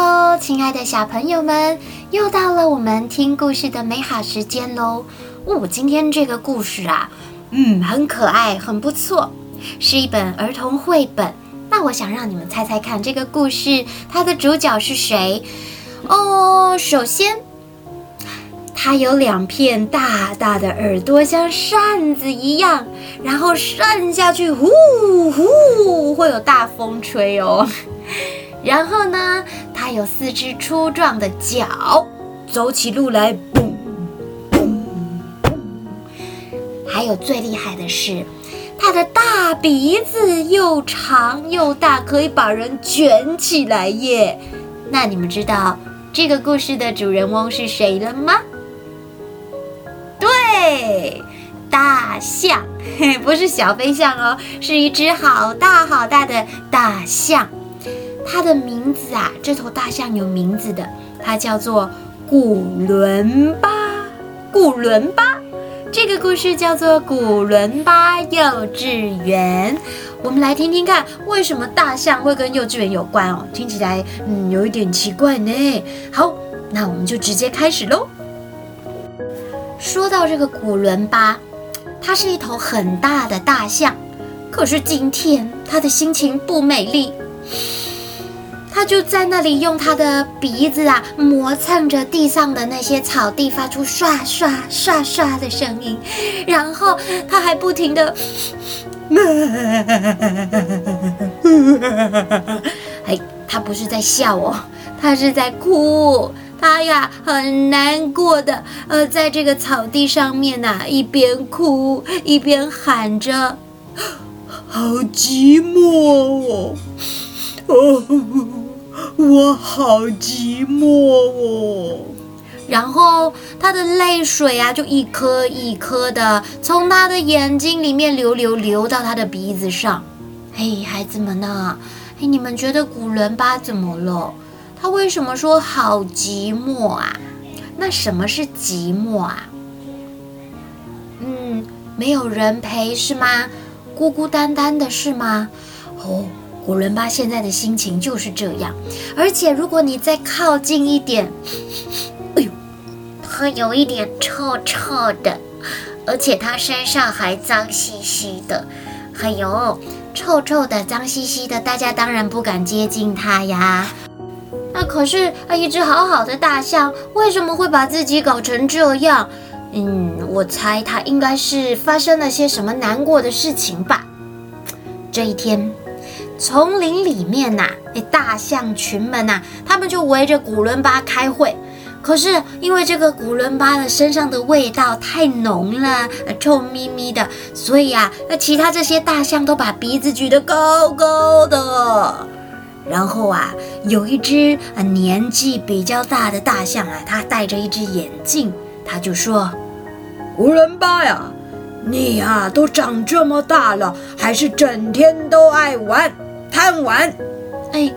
哈嘍，親愛的小朋友們，又到了我們聽故事的美好時間嘍。嗚、哦，今天這個故事啊，嗯，很可愛，很不錯，是一本兒童繪本。那我想讓你們猜猜看，這個故事它的主角是誰？哦，首先，它有兩片大大的耳朵，像扇子一樣，然後扇下去，呼呼，會有大風吹哦。然後呢，它有四隻粗壯的腳，走起路來蹦蹦蹦，還有最厲害的是，它的大鼻子又長又大，可以把人捲起來耶。那你們知道這個故事的主人翁是誰了嗎？對，大象，不是小飛象哦，是一隻好大好大的大象。它的名字啊，這頭大象有名字的，它叫做古倫巴，古倫巴。這個故事叫做《古倫巴幼稚園》，我們來聽聽看，為什麼大象會跟幼稚園有關哦？聽起來嗯，有一點奇怪呢。好，那我們就直接開始嘍。說到這個古倫巴，它是一頭很大的大象，可是今天它的心情不美麗。他就在那裡用他的鼻子啊，磨蹭着地上的那些草地，發出刷刷刷刷的聲音。然後他還不停的， 哎，他不是在笑哦，他是在哭。他呀很難過的，呃，在這個草地上面啊，一邊哭一邊喊着，好寂寞哦。Oh, 我好寂寞哦。然後他的淚水啊，就一顆一顆的從他的眼睛裡面流流流到他的鼻子上。嘿，孩子們呢？嘿，你們覺得古倫巴怎麼了？他為什麼說好寂寞啊？那什麼是寂寞啊？嗯，沒有人陪是嗎？孤孤單單的是嗎？哦。古倫巴現在的心情就是這樣，而且如果你再靠近一點，哎呦，它有一點臭臭的，而且它身上還髒兮兮的，哎呦，臭臭的，髒兮兮的，大家當然不敢接近它呀。那可是啊，一隻好好的大象為什麼會把自己搞成這樣？嗯，我猜他應該是發生了些什麼難過的事情吧。這一天。叢林裡面吶、啊，那大象群們吶、啊，他們就圍着古倫巴開會。可是因為這個古倫巴的身上的味道太濃了，臭咪咪的，所以啊，那其他這些大象都把鼻子舉得高高的。然後啊，有一隻啊年紀比較大的大象啊，他戴着一隻眼鏡，他就說：“古倫巴呀、啊，你呀、啊、都長這麼大了，還是整天都愛玩。”貪玩，哎，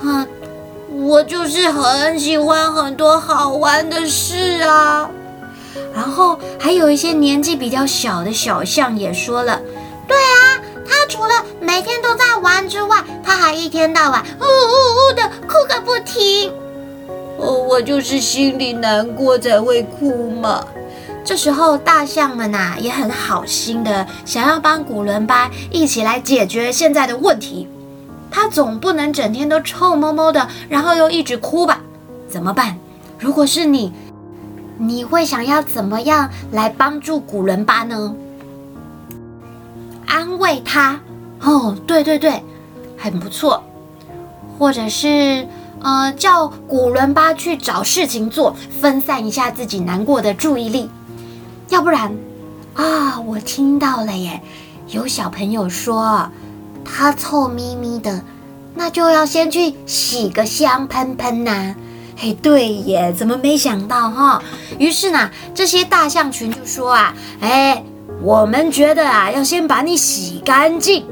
哼、啊，我就是很喜歡很多好玩的事啊。然後還有一些年紀比較小的小象也說了，對啊，他除了每天都在玩之外，他還一天到晚嗚嗚嗚嗚的哭個不停。哦，我就是心裡難過才會哭嘛。這時候大象們吶、啊，也很好心的，想要幫古倫巴一起來解決現在的問題。他總不能整天都臭摸摸的，然後又一直哭吧。怎麼辦？如果是你，你會想要怎麼樣來幫助古倫巴呢？安慰他？哦，對對對，很不錯。或者是，呃，叫古倫巴去找事情做，分散一下自己難過的注意力。要不然，啊，我聽到了耶，有小朋友說。他臭咪咪的，那就要先去洗個香噴噴吶！嘿，對耶，怎麼沒想到哈？於是呢，這些大象群就說啊，哎，我們覺得啊，要先把你洗乾淨，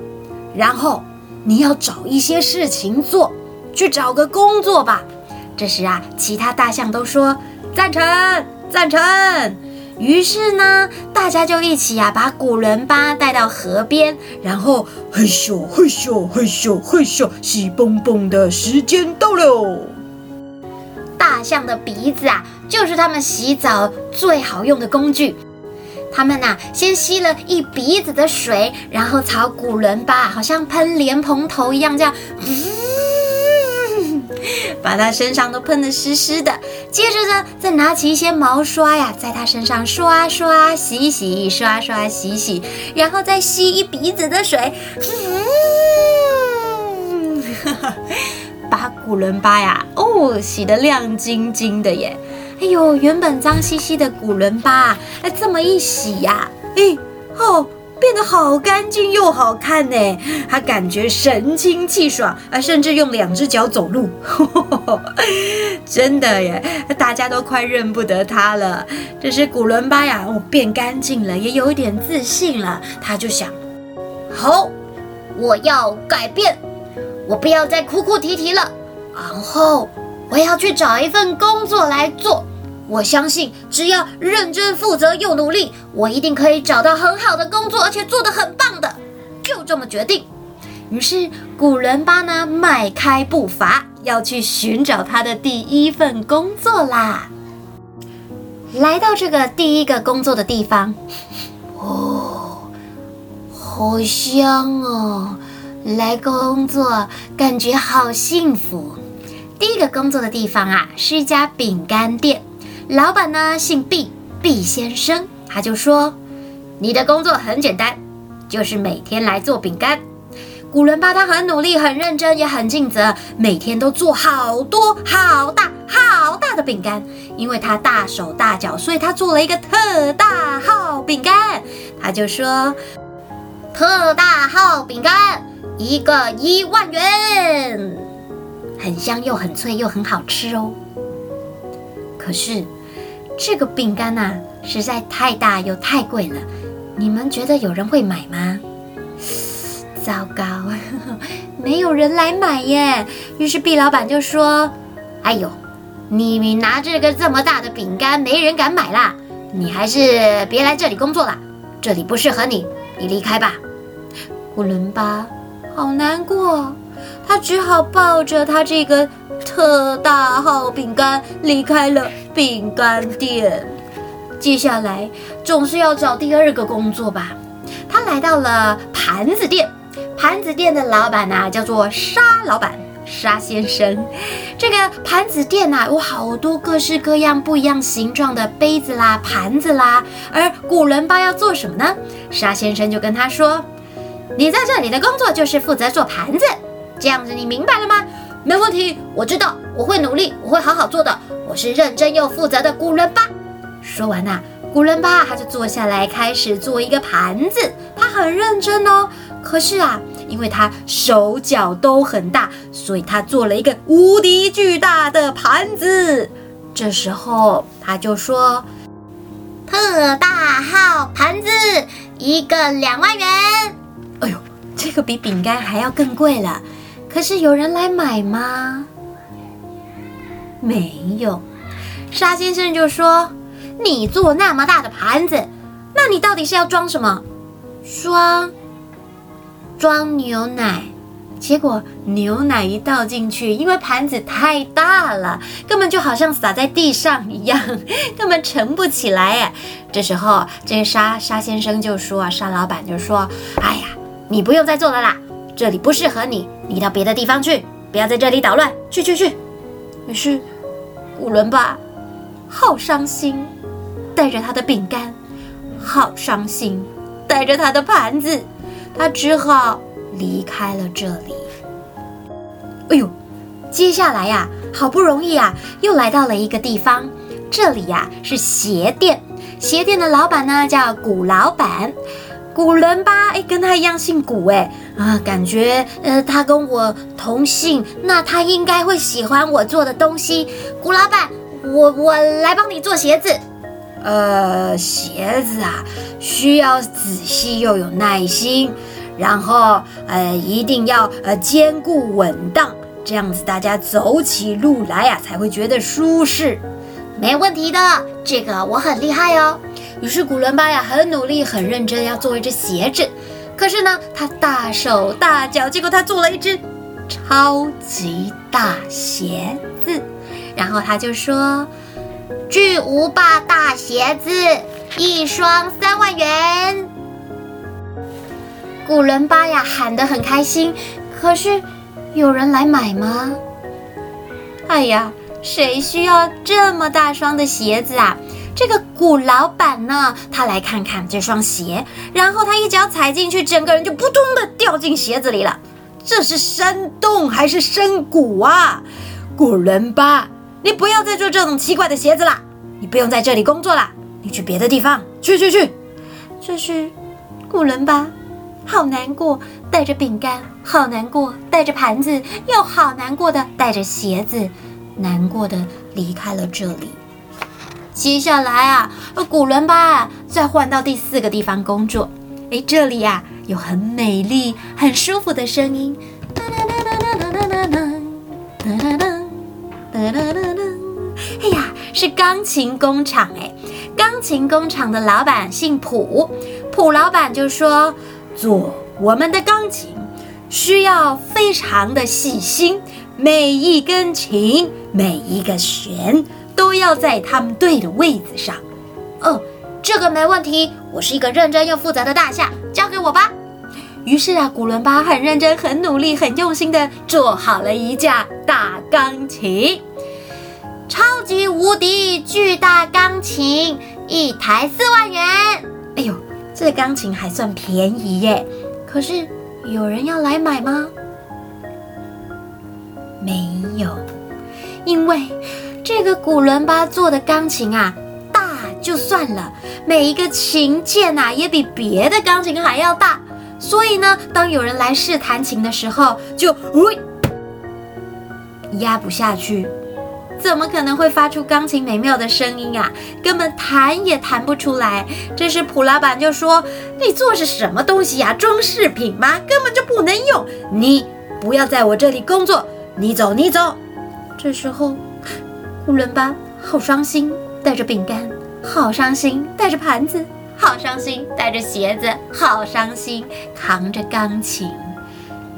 然後你要找一些事情做，去找個工作吧。這時啊，其他大象都說贊成，贊成。於是呢，大家就一起啊，把古倫巴帶到河邊，然後嘿咻嘿咻嘿咻嘿咻，洗蹦蹦的時間到了。大象的鼻子啊，就是他們洗澡最好用的工具。他們吶、啊，先吸了一鼻子的水，然後朝古倫巴好像噴蓮蓬頭一樣，這樣，叫、嗯。把他身上都噴得濕濕的，接着呢，再拿起一些毛刷呀，在他身上刷啊刷啊洗洗，刷啊刷啊洗洗，然後再吸一鼻子的水，嗯， 把古倫巴呀，哦，洗得亮晶晶的耶，哎呦，原本髒兮兮的古倫巴，啊，這麼一洗呀、啊，哎，哦。變得好乾淨又好看呢，他感覺神清氣爽啊！甚至用兩隻腳走路呵呵呵，真的耶！大家都快認不得他了。這是古倫巴呀，我、哦、變乾淨了，也有一點自信了。他就想：好，我要改變，我不要再哭哭啼啼了。然後我要去找一份工作來做。我相信，只要認真負責又努力，我一定可以找到很好的工作，而且做得很棒的。就這麼決定。於是古人，古倫巴呢邁開步伐，要去尋找他的第一份工作啦。來到這個第一個工作的地方，哦，好香哦！來工作，感覺好幸福。第一個工作的地方啊，是一家餅乾店。老闆呢姓畢，畢先生，他就說，你的工作很簡單，就是每天來做餅乾。古倫巴他很努力、很認真，也很盡責，每天都做好多好大好大的餅乾。因為他大手大腳，所以他做了一個特大號餅乾。他就說，特大號餅乾一個一萬元，很香又很脆又很好吃哦。可是。這個餅乾吶、啊，實在太大又太貴了，你們覺得有人會買嗎？糟糕，沒有人來買耶！於是畢老板就說：“哎呦，你拿這個這麼大的餅乾，沒人敢買啦，你還是別來這裡工作啦，這裡不適合你，你離開吧。”古倫巴好難過，他只好抱着他這個。特大號餅乾離開了餅乾店，接下來總是要找第二個工作吧。他來到了盤子店，盤子店的老闆呢、啊、叫做沙老闆沙先生。這個盤子店呢、啊、有好多各式各樣、不一樣形狀的杯子啦、盤子啦。而古倫巴要做什麼呢？沙先生就跟他說：“你在這裡的工作就是負責做盤子，這樣子你明白了嗎？”沒問題，我知道，我會努力，我會好好做的。我是認真又負責的古倫巴。說完吶、啊，古倫巴他就坐下來開始做一個盤子，他很認真哦。可是啊，因為他手腳都很大，所以他做了一個無敵巨大的盤子。這時候他就說：“特大號盤子一個兩萬元。”哎呦，這個比餅乾還要更貴了。可是有人來買嗎？沒有，沙先生就說：“你做那麼大的盤子，那你到底是要裝什麼？裝裝牛奶？結果牛奶一倒進去，因為盤子太大了，根本就好像撒在地上一樣，根本盛不起來。”哎，這時候這個沙沙先生就說：“啊，沙老闆就說：‘哎呀，你不用再做了啦，這裡不適合你。’”你到別的地方去，不要在這裡搗亂！去去去！於是古倫巴好傷心，帶着他的餅乾，好傷心，帶着他的盤子，他只好離開了這裡。哎呦，接下來呀、啊，好不容易呀、啊，又來到了一個地方，這裡呀、啊、是鞋店，鞋店的老闆呢叫古老闆，古倫巴哎，跟他一樣姓古哎。啊，感覺呃，他跟我同姓，那他應該會喜歡我做的東西。古老闆，我我來幫你做鞋子。呃，鞋子啊，需要仔細又有耐心，然後呃，一定要呃堅固穩當，這樣子大家走起路來啊才會覺得舒適。沒問題的，這個我很厲害哦。於是古倫巴呀，很努力很認真，要做一隻鞋子。可是呢，他大手大腳，結果他做了一隻超級大鞋子，然後他就說：“巨無霸大鞋子，一雙三萬元。”古倫巴呀喊得很開心，可是有人來買嗎？哎呀，誰需要這麼大雙的鞋子啊？這個古老闆呢，他來看看這雙鞋，然後他一腳踩進去，整個人就撲通的掉進鞋子裡了。這是山洞還是深谷啊？古倫巴，你不要再做這種奇怪的鞋子啦！你不用在這裡工作了，你去別的地方，去去去。這是古倫巴，好難過，帶着餅乾，好難過，帶着盤子，又好難過的帶着鞋子，難過的離開了這裡。接下來啊，古倫巴、啊、再換到第四個地方工作。哎，這裡呀、啊、有很美麗、很舒服的聲音。噔噔噔噔噔噔噔噔噔噔噔噔噔。哎呀，是鋼琴工廠哎。鋼琴工廠的老板姓普，普老板就說：“做我們的鋼琴需要非常的細心，每一根琴，每一個絃。”都要在他們對的位置上。哦,這個沒問題，我是一個認真又負責的大象，交給我吧。於是啊，古倫巴很認真、很努力、很用心的做好了一架大鋼琴，超級無敵巨大鋼琴，一台四萬元。哎呦，這個鋼琴還算便宜耶。可是有人要來買嗎？沒有，因為。這個古倫巴做的鋼琴啊，大就算了，每一個琴鍵啊，也比別的鋼琴還要大，所以呢，當有人來試彈琴的時候，就喂、呃，壓不下去，怎麼可能會發出鋼琴美妙的聲音啊？根本彈也彈不出來。這時普老闆就說：“你做是什麼東西呀、啊？裝飾品嗎？根本就不能用，你不要在我這裡工作，你走，你走。”這時候。古倫巴好傷心，帶着餅乾；好傷心，帶着盤子；好傷心，帶着鞋子；好傷心，扛着鋼琴，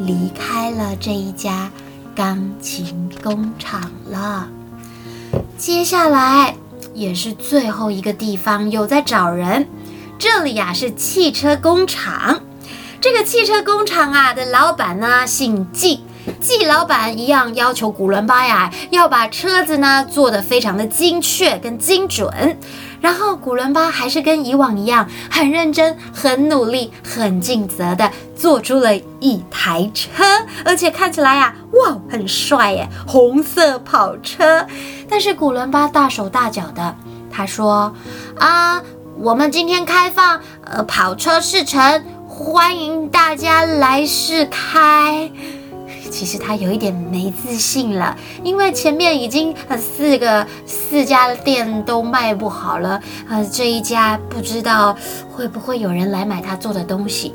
離開了這一家鋼琴工廠了。接下來也是最後一個地方有在找人，這裡呀、啊、是汽車工廠。這個汽車工廠啊的老闆呢，姓季。季老闆一樣要求古倫巴呀，要把車子呢做得非常的精確跟精準。然後古倫巴還是跟以往一樣，很認真、很努力、很盡責地做出了一台車，而且看起來呀，哇，很帥耶，紅色跑車。但是古倫巴大手大腳的，他說啊、呃，我們今天開放呃跑車試乘，歡迎大家來試開。其實他有一點沒自信了，因為前面已經呃四個四家店都賣不好了，呃這一家不知道會不會有人來買他做的東西。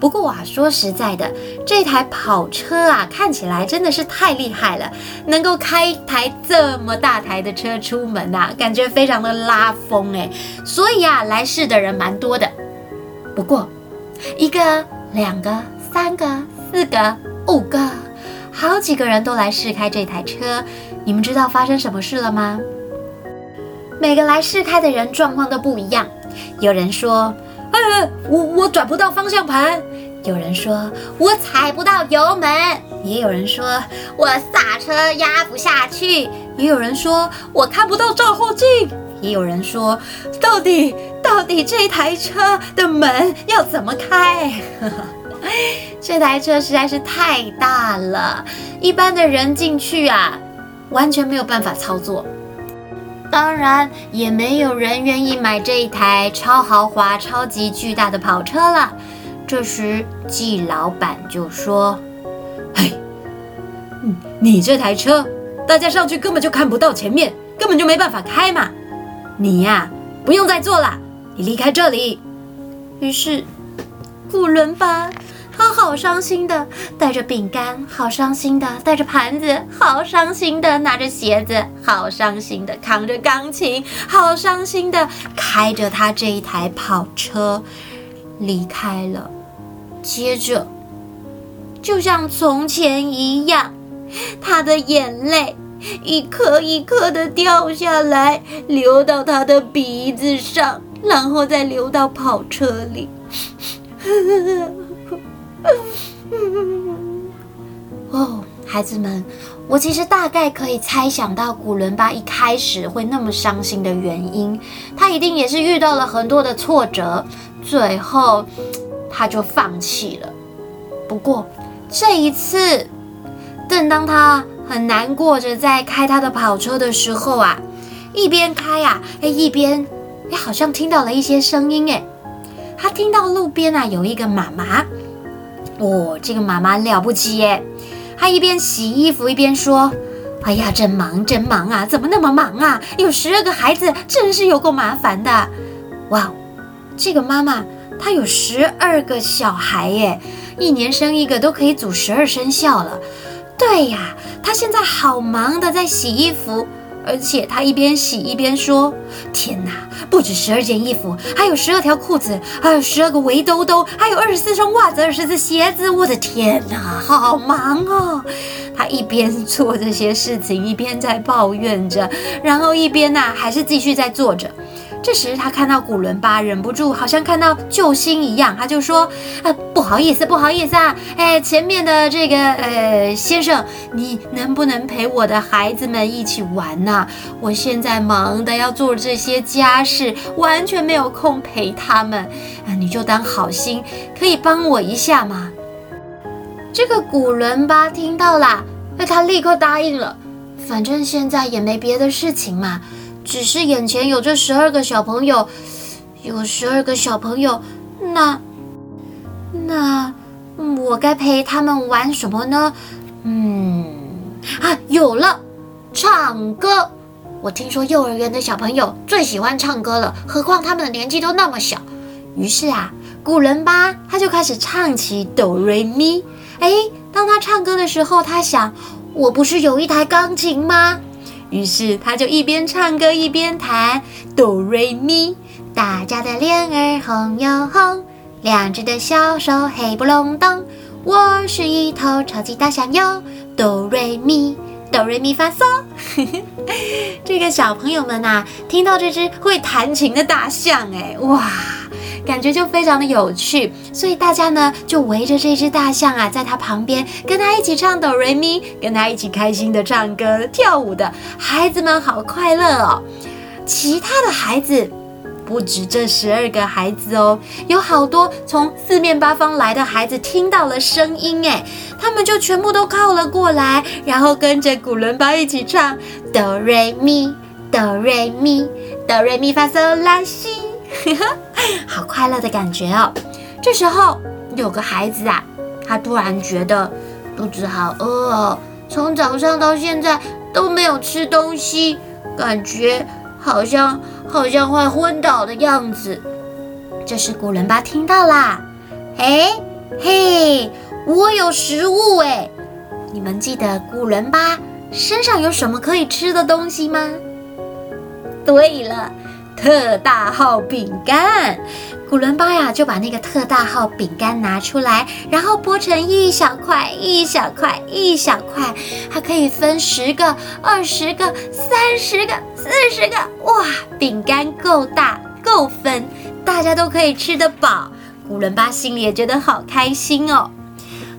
不過啊，說實在的，這台跑車啊看起來真的是太厲害了，能夠開一台這麼大台的車出門啊，感覺非常的拉風誒。所以啊，來試的人蠻多的。不過一個、兩個、三個、四個。五個，好幾個人都來試開這台車，你們知道發生什麼事了嗎？每個來試開的人狀況都不一樣，有人說，呃、哎，我我轉不到方向盤；有人說我踩不到油門；也有人說我剎車壓不下去；也有人說我看不到照後鏡；也有人說，到底到底這台車的門要怎麼開？ 這台車實在是太大了，一般的人進去啊，完全沒有辦法操作。當然也沒有人願意買這一台超豪華、超級巨大的跑車了。這時季老板就說：“哎，你這台車，大家上去根本就看不到前面，根本就沒辦法開嘛。你呀、啊，不用再坐了，你離開這裡。”於是古倫巴。他好傷心的帶着餅乾，好傷心的帶着盤子，好傷心的拿着鞋子，好傷心的扛着鋼琴，好傷心的開着他這一台跑車離開了。接着，就像從前一樣，他的眼淚一顆一顆的掉下來，流到他的鼻子上，然後再流到跑車裡。 哦，孩子們，我其實大概可以猜想到古倫巴一開始會那麼傷心的原因，他一定也是遇到了很多的挫折，最後他就放棄了。不過這一次，正當他很難過着在開他的跑車的時候啊，一邊開呀、啊，哎，一邊也好像聽到了一些聲音，誒，他聽到路邊啊有一個媽媽。哦，這個媽媽了不起耶！她一邊洗衣服一邊說：“哎呀，真忙真忙啊，怎麼那麼忙啊？有十二個孩子，真是有夠麻煩的。”哇，這個媽媽她有十二個小孩耶，一年生一個都可以組十二生肖了。對呀，她現在好忙的，在洗衣服。而且他一邊洗一邊說：“天哪，不止十二件衣服，還有十二條褲子，還有十二個圍兜兜，還有二十四雙襪子，二十四鞋子。我的天哪，好忙哦！”他一邊做這些事情，一邊在抱怨着，然後一邊呢，還是繼續在做着。這時，他看到古倫巴，忍不住，好像看到救星一樣，他就說：“啊、呃，不好意思，不好意思啊，哎，前面的這個，呃，先生，你能不能陪我的孩子們一起玩呢、啊？我現在忙得要做這些家事，完全沒有空陪他們，啊、呃，你就當好心，可以幫我一下嗎？”這個古倫巴聽到了，他立刻答應了，反正現在也沒別的事情嘛。只是眼前有這十二個小朋友，有十二個小朋友，那，那我該陪他們玩什麼呢？嗯，啊，有了，唱歌！我聽說幼兒園的小朋友最喜歡唱歌了，何況他們的年紀都那麼小。於是啊，古倫巴，他就開始唱起哆瑞咪。哎，當他唱歌的時候，他想，我不是有一台鋼琴嗎？於是他就一邊唱歌一邊彈哆瑞咪，大家的臉兒紅又紅，兩隻的小手黑不隆咚。我是一頭超級大象喲，哆瑞咪，哆瑞咪發嗦。嘿嘿，這個小朋友們吶、啊，聽到這隻會彈琴的大象，哎，哇！感覺就非常的有趣，所以大家呢就圍着這隻大象啊，在它旁邊，跟它一起唱哆瑞咪，跟它一起開心的唱歌跳舞的孩子們好快樂哦。其他的孩子，不止這十二個孩子哦，有好多從四面八方來的孩子聽到了聲音，哎，他們就全部都靠了過來，然後跟着古倫巴一起唱哆瑞咪，哆瑞咪，哆瑞咪發嗦啦，西。 好快樂的感覺哦！這時候有個孩子啊，他突然覺得肚子好餓哦，從早上到現在都沒有吃東西，感覺好像好像快昏倒的樣子。這是古倫巴聽到啦！哎嘿，嘿，我有食物誒、哎。你們記得古倫巴身上有什麼可以吃的東西嗎？對了。特大號餅乾，古倫巴呀就把那個特大號餅乾拿出來，然後剝成一小塊一小塊一小塊，還可以分十個、二十個、三十個、四十個，哇，餅乾夠大夠分，大家都可以吃得飽。古倫巴心裡也覺得好開心哦。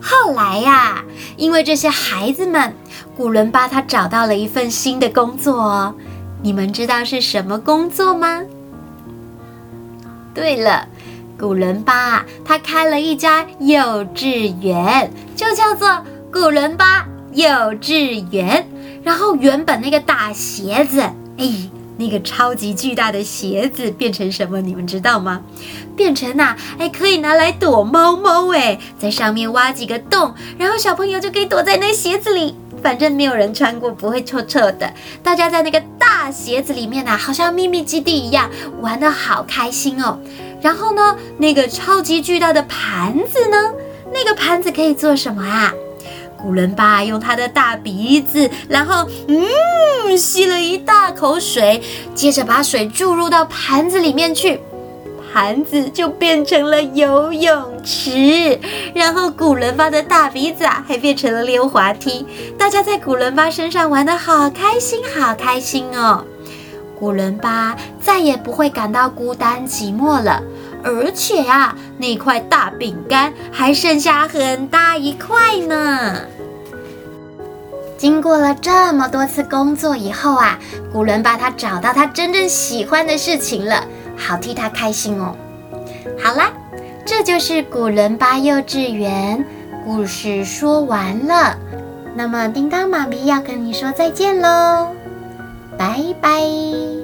後來呀、啊，因為這些孩子們，古倫巴他找到了一份新的工作哦。你們知道是什麼工作嗎？對了，古倫巴他開了一家幼稚園，就叫做古倫巴幼稚園。然後原本那個大鞋子，哎，那個超級巨大的鞋子變成什麼？你們知道嗎？變成那、啊、哎，可以拿來躲貓貓，哎，在上面挖幾個洞，然後小朋友就可以躲在那鞋子裡。反正沒有人穿過，不會臭臭的。大家在那個大鞋子裡面啊，好像秘密基地一樣，玩得好開心哦。然後呢，那個超級巨大的盤子呢，那個盤子可以做什麼啊？古倫巴用他的大鼻子，然後嗯，吸了一大口水，接着把水注入到盤子裡面去。盤子就變成了游泳池，然後古倫巴的大鼻子啊，還變成了溜滑梯。大家在古倫巴身上玩得好開心，好開心哦！古倫巴再也不會感到孤單寂寞了，而且啊，那塊大餅乾還剩下很大一塊呢。經過了這麼多次工作以後啊，古倫巴他找到他真正喜歡的事情了。好，替他開心哦。好啦，這就是古倫巴幼稚園故事說完了。那麼，叮當媽咪要跟你說再見嘍，拜拜。